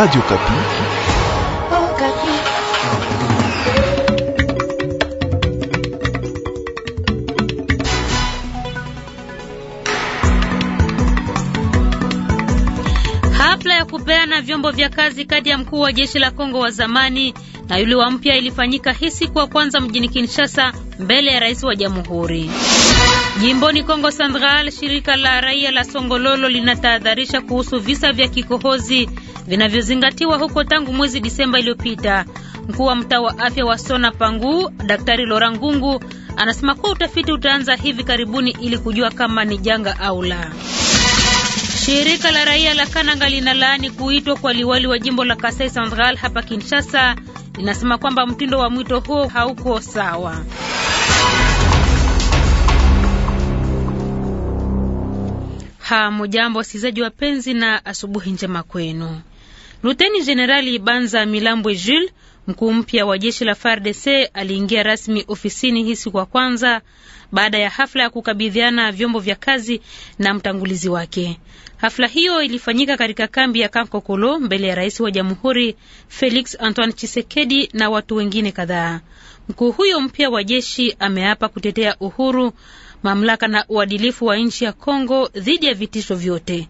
Radio Kapi. Oh, Kapi. Hafla ya kupeana vyombo vya kazi kati ya mkuu wa jeshi la Kongo wa zamani na yule wa mpya ilifanyika hii siku ya kwanza mjini Kinshasa mbele ya rais wa jamhuri. Jimboni Kongo Central, shirika la raia la Songololo linatahadharisha kuhusu visa vya kikohozi vinavyozingatiwa huko tangu mwezi Disemba iliyopita. Mkuu wa mtaa wa afya wa Sona Pangu, Daktari Lora Ngungu, anasema kuwa utafiti utaanza hivi karibuni ili kujua kama ni janga au la. Shirika la raia la Kananga linalaani kuitwa kwa liwali wa jimbo la Kasai Central hapa Kinshasa. Linasema kwamba mtindo wa mwito huo hauko sawa. Hamujambo wasikilizaji wapenzi, na asubuhi njema kwenu. Luteni Jenerali Banza Milambwe Jules, mkuu mpya wa jeshi la FARDC, aliingia rasmi ofisini hii siku ya kwanza baada ya hafla ya kukabidhiana vyombo vya kazi na mtangulizi wake. Hafla hiyo ilifanyika katika kambi ya Kankokolo mbele ya rais wa jamhuri Felix Antoine Chisekedi na watu wengine kadhaa. Mkuu huyo mpya wa jeshi ameapa kutetea uhuru, mamlaka na uadilifu wa nchi ya Kongo dhidi ya vitisho vyote.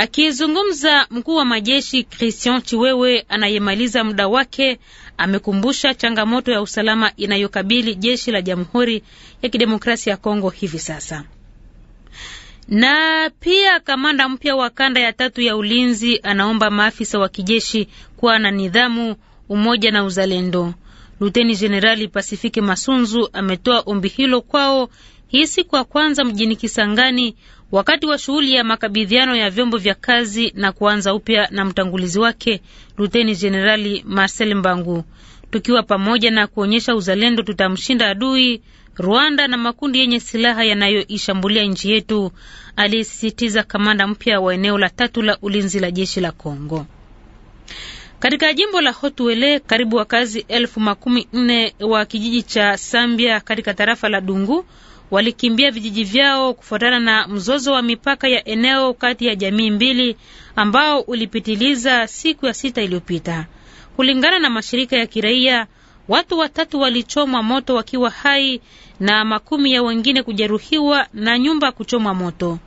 Akizungumza mkuu wa majeshi Christian Chiwewe anayemaliza muda wake amekumbusha changamoto ya usalama inayokabili jeshi la Jamhuri ya Kidemokrasia ya Kongo hivi sasa. Na pia kamanda mpya wa kanda ya tatu ya ulinzi anaomba maafisa wa kijeshi kuwa na nidhamu, umoja na uzalendo. Luteni Jenerali Pasifiki Masunzu ametoa ombi hilo kwao hii siku ya kwanza mjini Kisangani wakati wa shughuli ya makabidhiano ya vyombo vya kazi na kuanza upya na mtangulizi wake Luteni Jenerali Marcel Mbangu. Tukiwa pamoja na kuonyesha uzalendo, tutamshinda adui Rwanda na makundi yenye silaha yanayoishambulia nchi yetu, aliyesisitiza kamanda mpya wa eneo la tatu la ulinzi la jeshi la Kongo. Katika jimbo la Hotuele, karibu wakazi elfu makumi nne wa kijiji cha Sambia katika tarafa la Dungu walikimbia vijiji vyao kufuatana na mzozo wa mipaka ya eneo kati ya jamii mbili ambao ulipitiliza siku ya sita iliyopita. Kulingana na mashirika ya kiraia, watu watatu walichomwa moto wakiwa hai na makumi ya wengine kujeruhiwa na nyumba kuchomwa moto.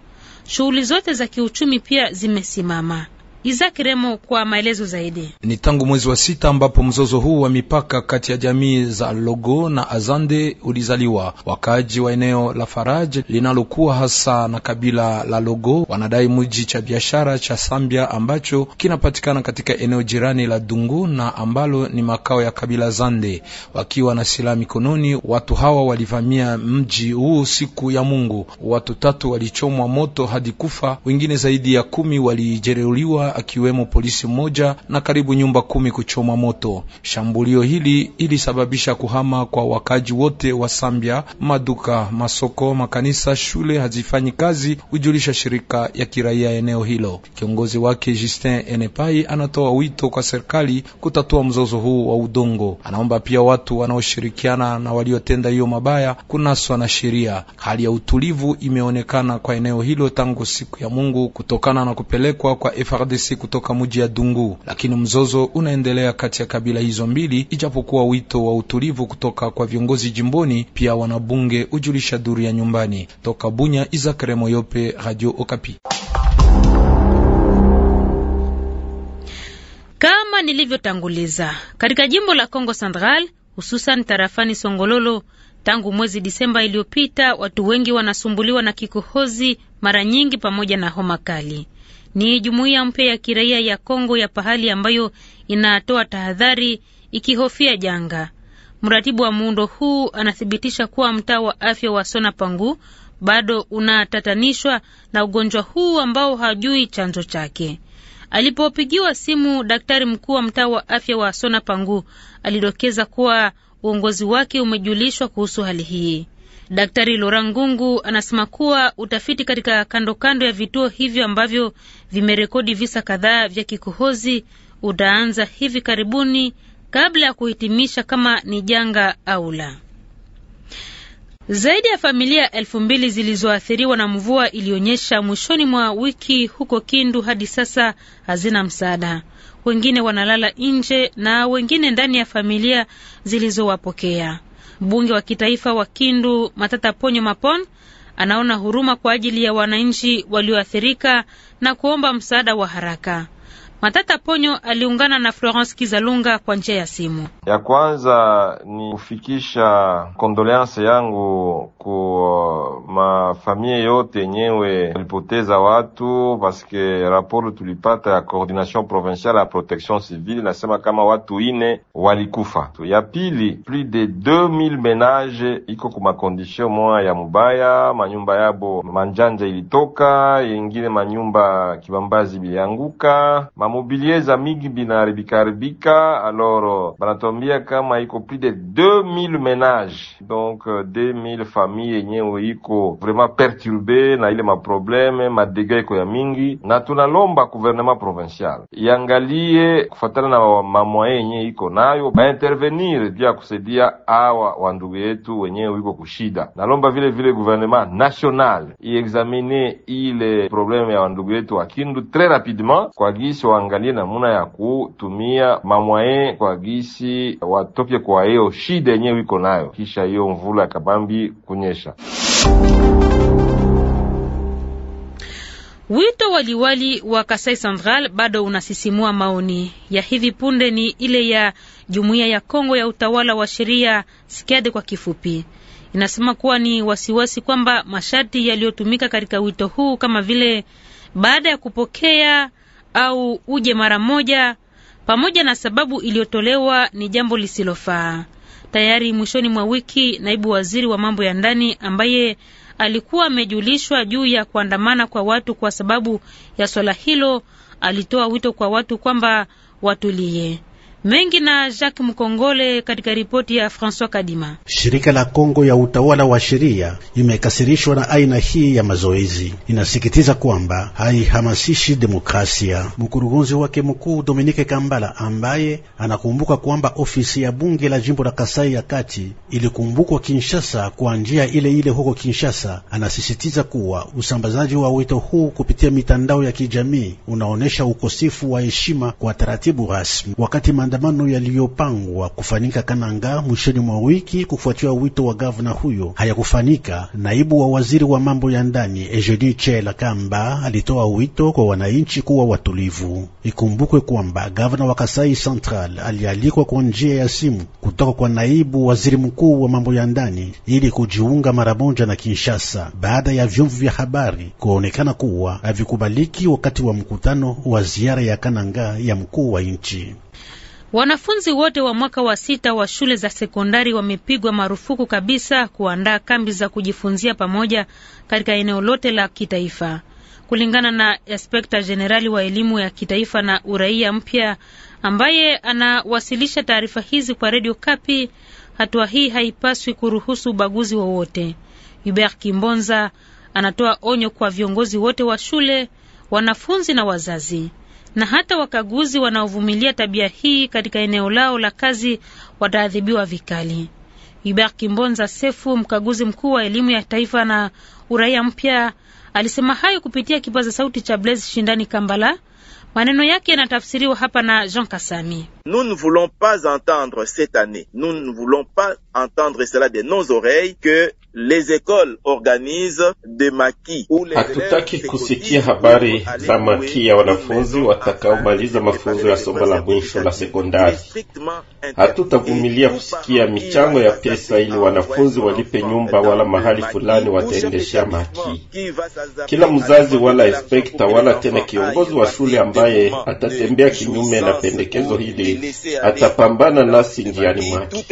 Shughuli zote za kiuchumi pia zimesimama. Isaac Remo kwa maelezo zaidi. Ni tangu mwezi wa sita ambapo mzozo huu wa mipaka kati ya jamii za Logo na Azande ulizaliwa. Wakaaji wa eneo la Faraje linalokuwa hasa na kabila la Logo wanadai mji cha biashara cha Sambia ambacho kinapatikana katika eneo jirani la Dungu na ambalo ni makao ya kabila Zande. Wakiwa na silaha mikononi, watu hawa walivamia mji huu siku ya Mungu. Watu tatu walichomwa moto hadi kufa, wengine zaidi ya kumi walijeruhiwa akiwemo polisi mmoja na karibu nyumba kumi kuchoma moto. Shambulio hili ilisababisha kuhama kwa wakaji wote wa Sambia. Maduka, masoko, makanisa, shule hazifanyi kazi, hujulisha shirika ya kiraia eneo hilo. Kiongozi wake Justin Enepai anatoa wito kwa serikali kutatua mzozo huu wa udongo. Anaomba pia watu wanaoshirikiana na waliotenda hiyo mabaya kunaswa na sheria. Hali ya utulivu imeonekana kwa eneo hilo tangu siku ya Mungu kutokana na kupelekwa kwa FARDC FARDC kutoka mji ya Dungu, lakini mzozo unaendelea kati ya kabila hizo mbili, ijapokuwa wito wa utulivu kutoka kwa viongozi jimboni pia wanabunge hujulisha duru ya nyumbani. Toka Bunya, Izakare Moyope, Radio Okapi. Kama nilivyotanguliza, katika jimbo la Kongo Central, hususan tarafani Songololo, tangu mwezi Disemba iliyopita watu wengi wanasumbuliwa na kikohozi, mara nyingi pamoja na homa kali. Ni jumuiya mpya ya kiraia ya Kongo ya pahali ambayo inatoa tahadhari ikihofia janga. Mratibu wa muundo huu anathibitisha kuwa mtaa wa afya wa Sona Pangu bado unatatanishwa na ugonjwa huu ambao hajui chanzo chake. Alipopigiwa simu, daktari mkuu wa mtaa wa afya wa Sona Pangu alidokeza kuwa uongozi wake umejulishwa kuhusu hali hii. Daktari Lorangungu Ngungu anasema kuwa utafiti katika kando kando ya vituo hivyo ambavyo vimerekodi visa kadhaa vya kikohozi utaanza hivi karibuni kabla ya kuhitimisha kama ni janga au la. Zaidi ya familia elfu mbili zilizoathiriwa na mvua iliyonyesha mwishoni mwa wiki huko Kindu hadi sasa hazina msaada. Wengine wanalala nje na wengine ndani ya familia zilizowapokea. Mbunge wa kitaifa wa Kindu Matata Ponyo Mapon anaona huruma kwa ajili ya wananchi walioathirika na kuomba msaada wa haraka. Matata Ponyo aliungana na Florence Kizalunga kwa njia ya simu. Ya kwanza ni kufikisha kondoleanse yangu ku uh, mafamie yote yenyewe walipoteza watu, paske raporo tulipata ya coordination provinciale ya protection civile nasema kama watu ine walikufa. Ya pili, plus de 2000 menage iko ku makondisyon moya ya mubaya, manyumba yabo manjanja ilitoka, yengine manyumba kibambazi bilianguka Mam mobilier za mingi binaribikaribika, alors euh, banatuambia kama iko plus de 2000 ménages donc 2000 euh, famille yenyewe iko vraiment perturbe na ile maprobleme madega iko ya mingi, na tunalomba gouvernement provincial iangalie kufatana na mamoye yenye iko nayo baintervenir juu ya kusaidia awa wandugu yetu wenyewe iko kushida. Nalomba vile vile gouvernement national iexamine ile probleme ya wandugu yetu wa Kindu tres rapidement kwa gisi wa waangalie namuna ya kutumia mamwaye kwa gisi watoke kwa hiyo shida yenyewe iko nayo, kisha hiyo mvula kabambi kunyesha. Wito waliwali wa Kasai Central bado unasisimua maoni ya hivi punde, ni ile ya Jumuiya ya Kongo ya Utawala wa Sheria Sikiade kwa kifupi. Inasema kuwa ni wasiwasi kwamba masharti yaliyotumika katika wito huu kama vile baada ya kupokea au uje mara moja, pamoja na sababu iliyotolewa, ni jambo lisilofaa. Tayari mwishoni mwa wiki, naibu waziri wa mambo ya ndani ambaye alikuwa amejulishwa juu ya kuandamana kwa watu kwa sababu ya swala hilo, alitoa wito kwa watu kwamba watulie mengi na Jacques Mkongole katika ripoti ya François Kadima. Shirika la Kongo ya utawala wa sheria imekasirishwa na aina hii ya mazoezi, inasikitiza kwamba haihamasishi demokrasia. Mkurugenzi wake mkuu Dominique Kambala, ambaye anakumbuka kwamba ofisi ya bunge la jimbo la Kasai ya kati ilikumbukwa Kinshasa kwa njia ile ile huko Kinshasa, anasisitiza kuwa usambazaji wa wito huu kupitia mitandao ya kijamii unaonyesha ukosefu wa heshima kwa taratibu rasmi wakati maandamano yaliyopangwa kufanyika Kananga mwishoni mwa wiki kufuatia wito wa gavana huyo hayakufanika. Naibu wa waziri wa mambo ya ndani Eugenie Chela Kamba alitoa wito kwa wananchi kuwa watulivu. Ikumbukwe kwamba gavana wa Kasai Central alialikwa kwa njia ya simu kutoka kwa naibu waziri mkuu wa mambo ya ndani ili kujiunga mara moja na Kinshasa baada ya vyombo vya habari kuonekana kuwa havikubaliki wakati wa mkutano wa ziara ya Kananga ya mkuu wa nchi. Wanafunzi wote wa mwaka wa sita wa shule za sekondari wamepigwa marufuku kabisa kuandaa kambi za kujifunzia pamoja katika eneo lote la kitaifa. Kulingana na Inspekta Jenerali wa elimu ya kitaifa na uraia mpya ambaye anawasilisha taarifa hizi kwa Redio Kapi, hatua hii haipaswi kuruhusu ubaguzi wowote. Hubert Kimbonza anatoa onyo kwa viongozi wote wa shule, wanafunzi na wazazi na hata wakaguzi wanaovumilia tabia hii katika eneo lao la kazi wataadhibiwa vikali. Hubert Kimbonza Sefu, mkaguzi mkuu wa elimu ya taifa na uraia mpya, alisema hayo kupitia kipaza sauti cha Blaise Shindani Kambala. Maneno yake yanatafsiriwa hapa na Jean Kasami. Nous ne voulons pas entendre cette année, nous ne voulons pas entendre cela de nos oreilles que Les écoles organisent des maquis. Hatutaki kusikia habari za maki ya wanafunzi watakaomaliza mafunzo ya somo la mwisho la sekondari. Hatutavumilia kusikia michango ya pesa ili wanafunzi walipe nyumba wala mahali fulani wataendeshea maki. Kila mzazi wala inspekta wala tena kiongozi wa shule ambaye atatembea kinyume na pendekezo hili atapambana nasi njiani mwake.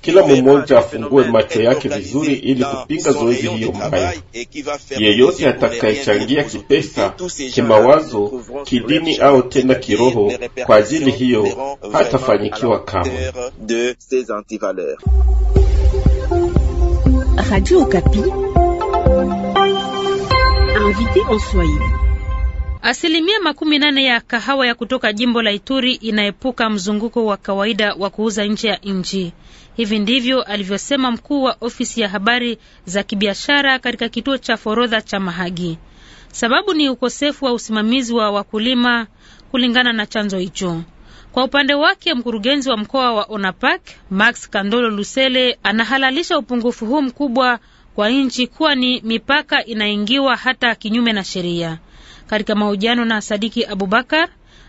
Kila mmoja afungue macho yake vizuri vizuri ili kupinga zoezi hiyo mbaya. Yeyote atakayechangia kipesa, kimawazo, kidini au tena kiroho kwa ajili hiyo hatafanyikiwa kamwe. Radio Okapi invité en Swahili Asilimia makumi nane ya kahawa ya kutoka jimbo la Ituri inaepuka mzunguko wa kawaida wa kuuza nje ya nchi. Hivi ndivyo alivyosema mkuu wa ofisi ya habari za kibiashara katika kituo cha forodha cha Mahagi. Sababu ni ukosefu wa usimamizi wa wakulima, kulingana na chanzo hicho. Kwa upande wake mkurugenzi wa mkoa wa ONAPAK Max Kandolo Lusele anahalalisha upungufu huu mkubwa kwa nchi, kuwa ni mipaka inaingiwa hata kinyume na sheria. Katika mahojiano na Sadiki Abubakar,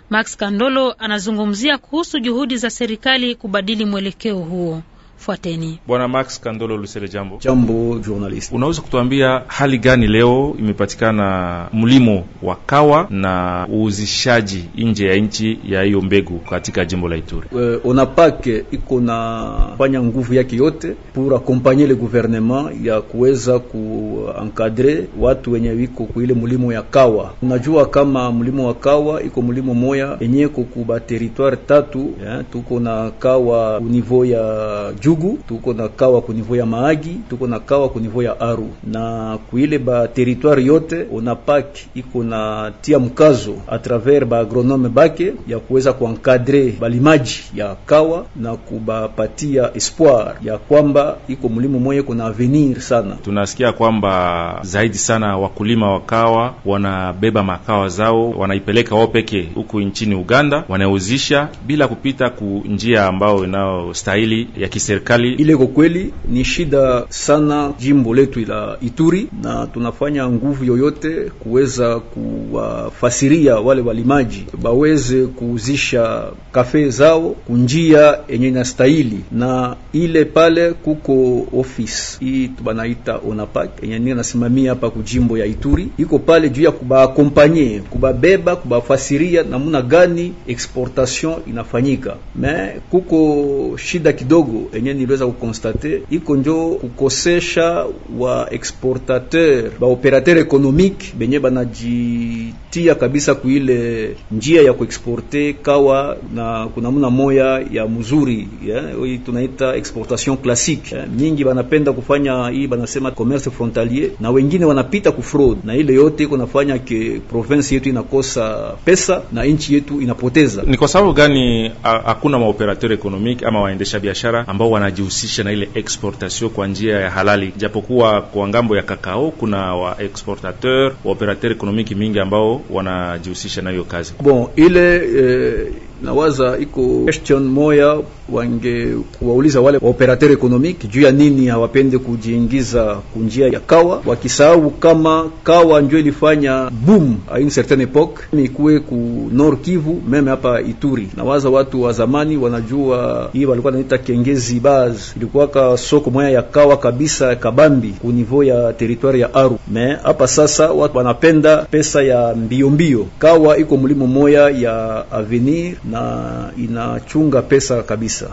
Max Kandolo anazungumzia kuhusu juhudi za serikali kubadili mwelekeo huo. Fuateni. Bwana Max Kandolo Lusele, jambo. Jambo journalist. Unaweza kutuambia hali gani leo imepatikana mlimo wa kawa na uuzishaji nje ya nchi ya hiyo mbegu katika jimbo la Ituri? Uh, Onapake iko na fanya nguvu yake yote pour accompagner le gouvernement ya kuweza kuenkadre watu wenye wiko kuile mlimo ya kawa. Unajua kama mlimo wa kawa iko mlimo moya enye kukuba territoire tatu yeah, tuko na kawa niveau ya Jugu, tuko na kawa kunivo ya Maagi, tuko na kawa kunivo ya Aru na kuile ba territoire yote onapak iko na tia mkazo a travers ba agronome bake ya kuweza kuankadre balimaji ya kawa na kubapatia espoir ya kwamba iko mlimo moye kuna avenir sana. Tunasikia kwamba zaidi sana wakulima wa kawa wanabeba makawa zao wanaipeleka wao peke huku nchini Uganda, wanauzisha bila kupita ku njia ambayo inayostahili ya kise serikali. Ile kwa kweli ni shida sana jimbo letu la Ituri, na tunafanya nguvu yoyote kuweza kuwafasiria wale walimaji baweze kuuzisha kafe zao kunjia enye inastahili, na ile pale kuko office hii tubanaita ONAPAC yenye ndio nasimamia hapa kujimbo ya Ituri, iko pale juu ya kubaakompanye, kubabeba, kubafasiria namuna gani exportation inafanyika, me kuko shida kidogo enye yenye niliweza kukonstate iko njo kukosesha wa exportateur ba operateur ekonomike benye banajitia kabisa kuile njia ya kuexporte kawa na kunamuna moya ya mzuri yeah? tunaita exportation classique yeah? mingi banapenda kufanya hii banasema commerce frontalier, na wengine wanapita ku fraud, na ile yote iko nafanya ke province yetu inakosa pesa na nchi yetu inapoteza. Ni kwa sababu gani hakuna maoperateur ekonomike ama waendesha biashara ambao wanajihusisha na ile exportation kwa njia ya halali, japokuwa kwa ngambo ya kakao kuna wa exportateur wa operateur ekonomiki mingi ambao wanajihusisha na hiyo kazi bon ile eh nawaza iko question moya wange kuwauliza wale waoperateur ekonomike juu ya nini hawapende kujiingiza kunjia ya kawa, wakisahau kama kawa njo ilifanya boom a une certaine epoque ikuwe ku Nord Kivu, meme hapa Ituri. Nawaza watu wa zamani wanajua hii, walikuwa naita kengezi baz, ilikuwaka soko moya ya kawa kabisa kabambi ku niveau ya territoire ya Aru. Me hapa sasa watu wanapenda pesa ya mbiombio mbio. Kawa iko mlimo moya ya avenir na inachunga pesa kabisa.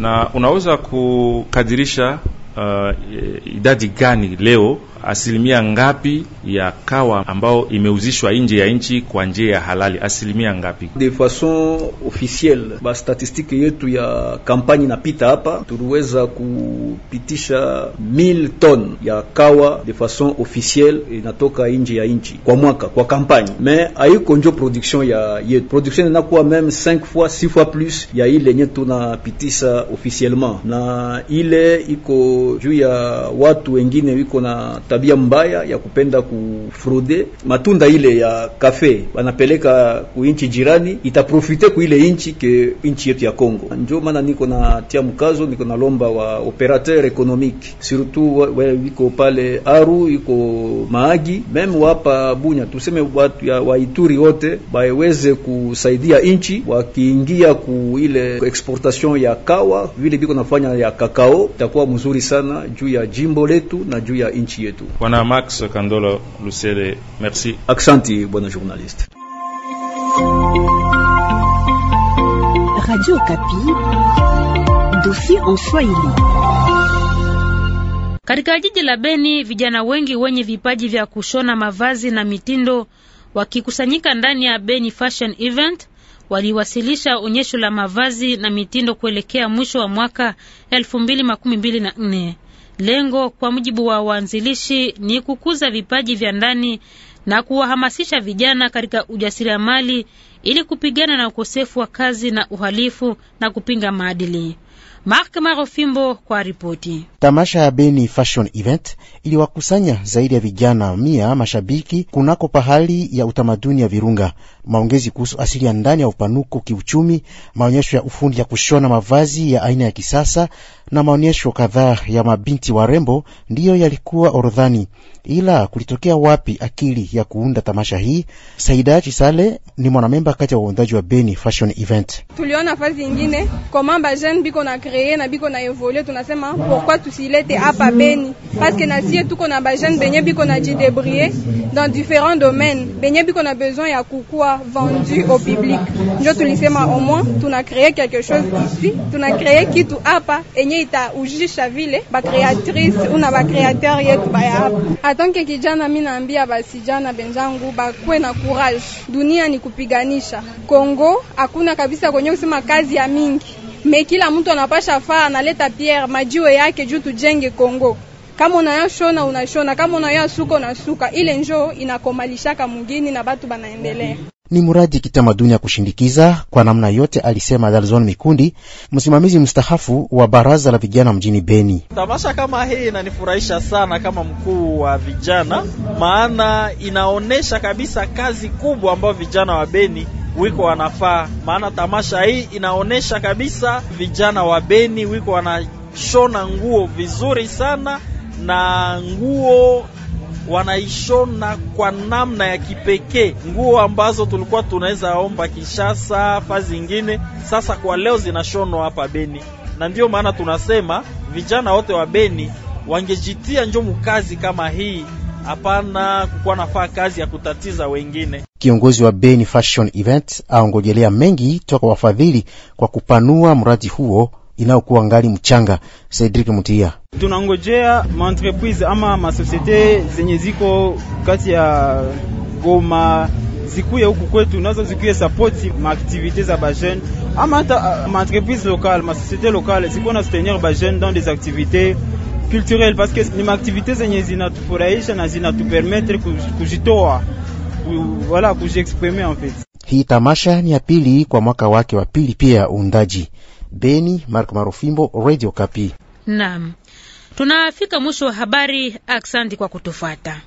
Na unaweza kukadirisha uh, idadi gani leo asilimia ngapi ya kawa ambao imeuzishwa nje ya nchi kwa njia ya halali, asilimia ngapi? De façon officielle ba statistique yetu ya kampani napita hapa, tuliweza kupitisha 1000 ton ya kawa de façon officielle inatoka nje ya nchi kwa mwaka kwa kampani, me haiko njo production ya yetu. Production inakuwa meme 5 fois 6 fois plus ya ile yenye tunapitisha officiellement, na ile iko juu ya watu wengine wiko na tabia mbaya ya kupenda kufrude matunda ile ya kafe banapeleka inchi jirani, itaprofite kuile inchi ke inchi yetu ya Kongo. Njo maana niko na tia mkazo, niko na lomba wa operateur economique surtout wale wiko pale Aru iko Maagi meme wapa Bunya, tuseme watu ya Waituri wote baweze kusaidia inchi wakiingia ku ile exportation ya kawa vile biko nafanya ya kakao, itakuwa mzuri sana juu ya jimbo letu na juu ya inchi yetu tu. Bwana Max Kandolo Lusele, merci. Aksanti bwana journaliste. Radio Kapi, dossier en Swahili. Katika jiji la Beni vijana wengi wenye vipaji vya kushona mavazi na mitindo wakikusanyika ndani ya Beni Fashion Event waliwasilisha onyesho la mavazi na mitindo kuelekea mwisho wa mwaka 2024. Lengo kwa mujibu wa waanzilishi ni kukuza vipaji vya ndani na kuwahamasisha vijana katika ujasiriamali ili kupigana na ukosefu wa kazi na uhalifu na kupinga maadili. Mark Marofimbo kwa ripoti. Tamasha ya Beni Fashion Event iliwakusanya zaidi ya vijana mia mashabiki kunako pahali ya utamaduni ya Virunga. Maongezi kuhusu asili ya ndani ya upanuko kiuchumi, maonyesho ya ufundi ya kushona mavazi ya aina ya kisasa na maonyesho kadhaa ya mabinti warembo ndiyo yalikuwa orodhani. Ila kulitokea wapi akili ya kuunda tamasha hii? Saida Chisale ni mwanamemba kati ya waundaji wa Beni Fashion Event. Tuliona fazi ingine komamba jeune biko na kreye na biko na evolue, tunasema pourquoi tusilete hapa Beni paske na sie tuko na bajeune benye biko na jidebrie dans différents domaines benye biko na besoin ya kukua vendu au public, njo tulisema au moins tuna kreye quelque chose ici, tuna kreye kitu hapa enye itaujisha vile bakreatrice una bakreateur yetu baya hapa. Atanke kijana, mi naambia basijana benzangu bakwe na courage, dunia ni kupiganisha maisha. Kongo hakuna kabisa kwenye kusema kazi ya mingi, me kila mtu anapasha faa analeta pierre majiwe yake juu tujenge Kongo. Kama unayashona unashona, kama unayasuka unasuka, ile njoo inakomalishaka mwingine na batu banaendelea ni mradi kitamaduni ya kushindikiza kwa namna yote, alisema Dalzon Mikundi, msimamizi mstahafu wa baraza la vijana mjini Beni. Tamasha kama hii inanifurahisha sana kama mkuu wa vijana, maana inaonyesha kabisa kazi kubwa ambayo vijana wa Beni wiko wanafaa, maana tamasha hii inaonyesha kabisa vijana wa Beni wiko wanashona nguo vizuri sana na nguo wanaishona kwa namna ya kipekee nguo ambazo tulikuwa tunaweza omba Kishasa fa zingine, sasa kwa leo zinashonwa hapa Beni, na ndiyo maana tunasema vijana wote wa Beni wangejitia njo mukazi kama hii, hapana kukuwa nafaa kazi ya kutatiza wengine. Kiongozi wa Beni Fashion Event aongojelea mengi toka wafadhili kwa kupanua mradi huo inayokuwa ngali mchanga. Cedric Mutia: tunangojea maentreprise ama masosiete zenye ziko kati ya Goma zikuye huku kwetu, nazo zikuye sapoti maaktivite za bajene ama hata uh, maentreprise lokale masosiete lokale ziko na soutenir bajene dans des activités culturelles, parce que ni maaktivite zenye zinatufurahisha na zinatupermettre kujitoa wala kujiexprimer en fait. Hii tamasha ni ya pili kwa mwaka wake wa pili, pia uundaji Beni, Mark Marofimbo, Radio Kapi. Naam, tunafika mwisho wa habari. Aksandi kwa kutufata.